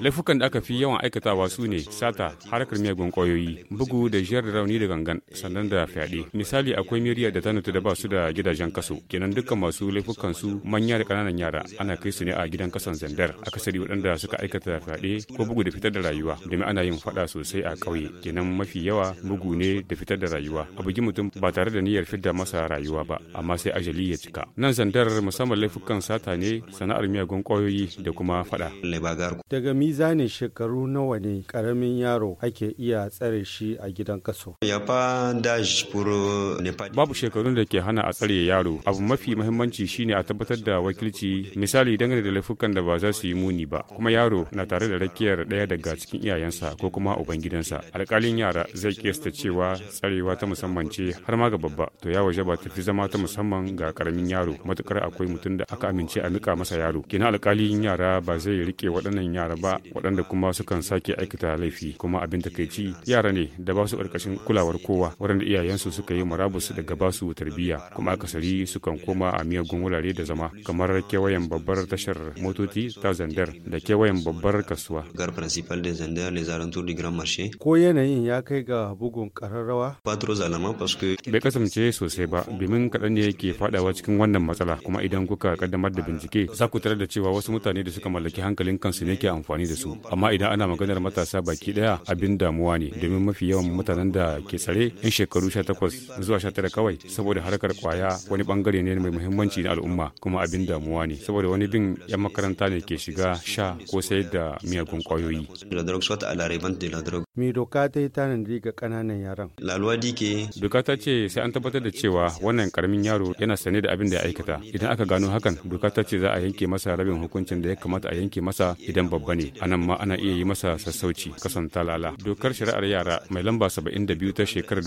Laifukan da aka fi yawan aikatawa su ne sata, harkar miyagun ƙwayoyi, bugu da jiyar da rauni da gangan, sannan da fyaɗe. Misali akwai miriya da ta nutu da ba su da gidajen kaso, kenan dukkan masu laifukan su manya da ƙananan yara ana kai su ne a gidan kasan zandar, akasari waɗanda suka aikata fyaɗe ko bugu da fitar da rayuwa, domin ana yin faɗa sosai a ƙauye, kenan mafi yawa bugu ne da fitar da rayuwa. A bugi mutum ba tare da niyyar fidda masa rayuwa ba, amma sai ajali ya cika. Nan zandar musamman laifukan sata ne, sana'ar miyagun ƙwayoyi da kuma faɗa. Daga mizanin shekaru nawa ne karamin yaro ake iya tsare shi a gidan kaso? Babu shekarun da ke hana a tsare yaro. Abu mafi muhimmanci shine a tabbatar da wakilci misali dangane da laifukan da ba za su yi muni ba. Kuma yaro na tare da rakiyar ɗaya daga cikin iyayensa ko kuma ubangidansa. alkalin yara zai kesta cewa tsarewa ta musamman ce har ma ga babba to ya waje ba ta fi zama ta musamman ga karamin yaro matuƙar akwai mutum da aka amince a mika masa yaro. Kina alkalin yara yara ba zai rike waɗannan yara ba waɗanda kuma sukan sake aikata laifi kuma abin takaici yara ne da ba su ƙarƙashin kulawar kowa waɗanda iyayensu suka yi murabus daga ba su tarbiyya kuma akasari sukan koma a miyagun wurare da zama kamar kewayen babbar tashar motoci ta zandar da kewayen babbar kasuwa. gar principal de zandar les grand Ko yanayin ya kai ga bugun ƙararrawa? Bai kasance sosai ba domin kaɗan ne yake faɗawa cikin wannan matsala kuma idan kuka ƙaddamar da bincike za ku tarar da cewa wasu mutane da suka mallaki hankalin kansu ne ke amfani da su amma idan ana maganar matasa baki daya abin damuwa ne domin mafi yawan mutanen da ke tsare yan shekaru 18 zuwa 19 kawai saboda harkar kwaya wani bangare ne mai muhimmanci na al'umma kuma abin damuwa ne saboda wani bin yan makaranta ne ke shiga sha ko sayar da miyagun kwayoyi mai doka ta yi tanadi ga kananan yaran doka ta ce sai an tabbatar da cewa wannan karamin yaro yana sane da abin da ya aikata idan aka gano hakan doka ta ce za a yanke masa rabin hukuncin da ya kamata a yanke masa idan babba ne anan ma ana iya yi masa sassauci kasan talala dokar shari'ar yara mai lamba saba'in da biyu ta shekarar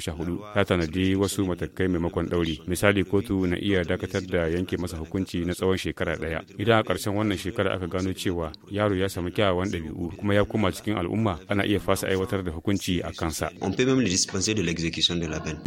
sha hudu ta tanadi wasu matakai maimakon ɗauri misali kotu na iya dakatar da yanke masa hukunci na tsawon shekara ɗaya idan a ƙarshen wannan shekara aka gano cewa yaro ya samu kyawawan ɗabi'u kuma ya koma cikin al'umma ana iya fasa aiwatar da hukunci a kansa. On peut même le dispenser de l'exécution de la peine.